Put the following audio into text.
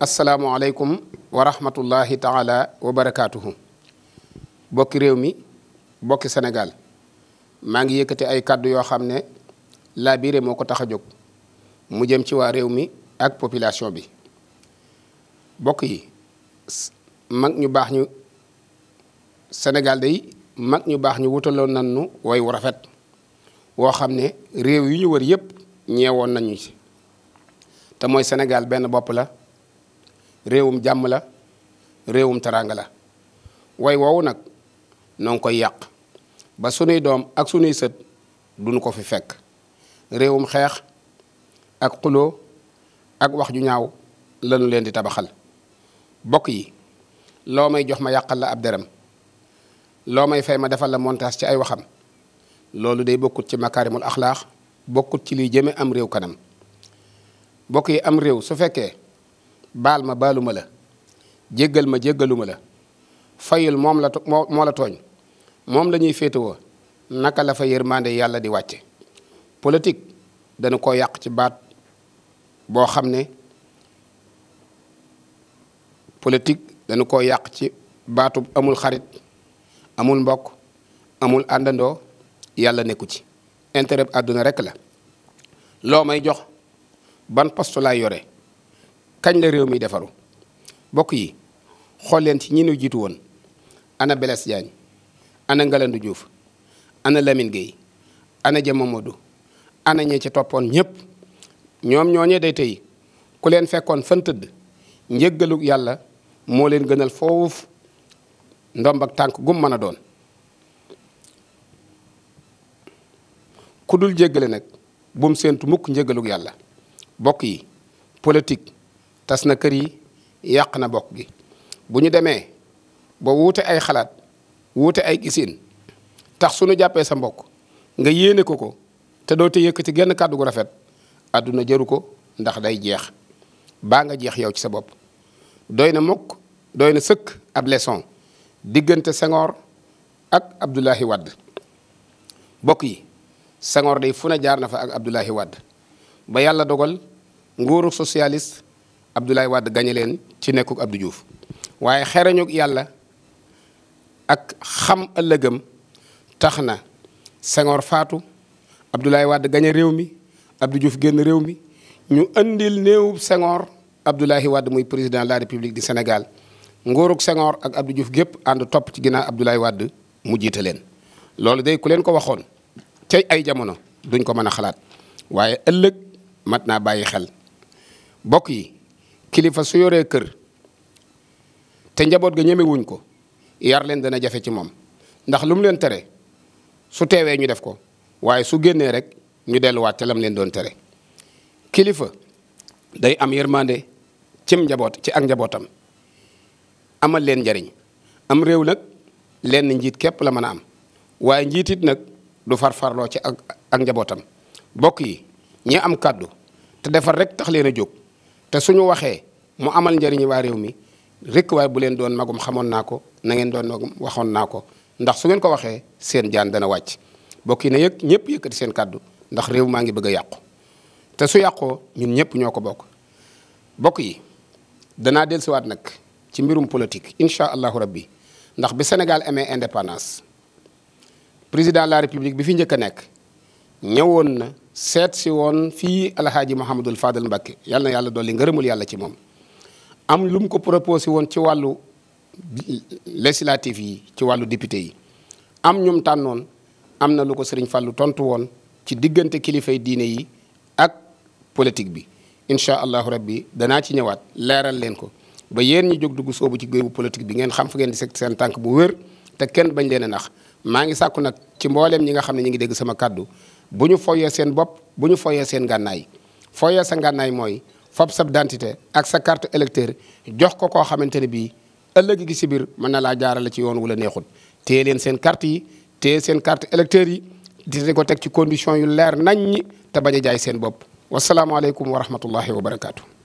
asalaamualeykum wa rahmatullahi taala wa barakaatuhu bokki réew mi bokki Sénégal maa ngi yëkkati ay kàddu yoo xam ne laa biire moo ko tax a jóg mu jëm ci waa réew mi ak population bi bokk yi mag ñu baax ñu Sénégal day mag ñu baax ñu wutaloon nan nu way wu rafet woo xam ne réew yu ñu wër yépp ñeewoon nañu ci te mooy Sénégal benn bopp la réewum jàmm la réewum teraanga la way woowu nag noo koy yàq ba sunuy doom ak sunuy sët duñu ko fi fekk réewum xeex ak xuloo ak wax ju ñaaw lanu leen di tabaxal bokk yi loo may jox ma yàqal la ab deram loo may fay ma defal la montage ci ay waxam loolu dey bokkut ci makaarimul axlaax bokkut ci liy jëme am réew kanam bokk yi am réew su fekkee baal ma baaluma la jéggal ma jéggaluma la fayul moom la tooñ moom la ñuy féetewoo naka la fa yërmande yàlla di wàcce politique danu ko yàq ci baat boo xam ne politique danu ko yàq ci baatu amul xarit amul mbokk amul àndandoo yàlla nekku ci intérêt àdduna rekk la loo may jox ban poste laay yore kañ la réew mi defaru bokk yi xool leen ci ñi ñu jiitu woon ana Blaise Diagne ana Ngalandou Diouf ana Lamine Gueye ana Dia Mamadou ana ñi ci toppoon ñëpp ñoom ñooñe day tey ku leen fekkoon fan tëdd njëggalu yàlla moo leen gënal foofu ndomb tànk gum mën a doon ku dul jéggale nag bum séentu mukk njëggalug yàlla bokk yi politique tas na kër yi yàq na bokk gi bu ñu demee ba wuute ay xalaat wuute ay gisin tax su nu jàppee sa mbokk nga yéene ko ko te doo te yëkkati genn kàddu gu rafet àdduna jëru ko ndax day jeex baa nga jeex yow ci sa bopp doy na mukk dooy na sëkk ab leçon diggante Senghor ak Abdoulaye Wade bokk yi Senghor day fu jaar na fa ak Abdoulaye Wade ba yàlla dogal nguuru socialist Abdoulaye Wade gañe leen ci nekkuk Abdou Diouf waaye xereñuk yàlla ak xam ëllëgam tax na Senghor faatu Abdoulaye Wade gañe réew mi Abdou juuf génn réew mi ñu indil néewub Senghor Abdoulaye Wade muy président la République du Sénégal nguuruk Senghor ak Abdou juuf gépp ànd topp ci ginnaaw Abdoulaye Wade mu jiite leen loolu day ku leen ko waxoon cay ay jamono duñ ko mën a xalaat waaye ëllëg mat naa bàyyi xel mbokk yi kilifa su yoree kër te njaboot ga ñemewuñ ko yar leen dana jafe ci moom ndax lu leen tere su teewee ñu def ko waaye su génnee rek ñu delluwaat te lam leen doon tere kilifa day am yërmande cim njaboot ci ak njabootam amal leen njariñ am réew nag lenn njiit képp la mën a am waaye njiitit nag du farfarloo ci ak ak njabootam bokk yi ñi am kàddu te defar rek tax leen a jóg te suñu waxee mu amal njëriñu waa réew mi rekk waaye bu leen doon magum xamoon naa ko nangeen doon magum waxoon naa ko ndax su ngeen ko waxee seen jaan dana wàcc bokk yi na yëg ñëpp yëkkati seen kàddu ndax réew maa ngi bëgg a yàqu te su yàqoo ñun ñëpp ñoo ko bokk bokk yi danaa dellusiwaat nag ci mbirum politique incha allahu rabbi ndax bi Sénégal amee indépendance président de la république bi fi njëkk a nekk ñëwoon na seet si woon fii alhaaji Mouhamadul Fadal Mbacké yàlla na yàlla dolli ngërëmul yàlla ci moom am lu mu ko proposé woon ci wàllu législatif yi ci wàllu député yi am ñum tànnoon am na lu ko sëriñ fàllu tontu woon ci diggante kilifay diine yi ak politique bi incha allahu rabbi danaa ci ñëwaat leeral leen ko ba yen ñi jóg dugg soobu ci géewu politique bi ngeen xam fu ngeen di seg seen tànk bu wér te kenn bañ leen a nax maa ngi sàkku nag ci mbooleem ñi nga xam ne ñu ngi dégg sama kàddu bu ñu foyee seen bopp bu ñu foyee seen gànnaay foyee sa gànnaay mooy fab sa identité ak sa carte électeur jox ko koo xamante ne bii ëllëg gi si biir mën na laa jaarale ci yoon wala neexut téye leen seen carte yi téye seen carte électeur yi di ko teg ci condition yu leer nañ ñi te bañ a jaay seen bopp wasalaamaaleykum wa rahmatullahi wa barakaatu.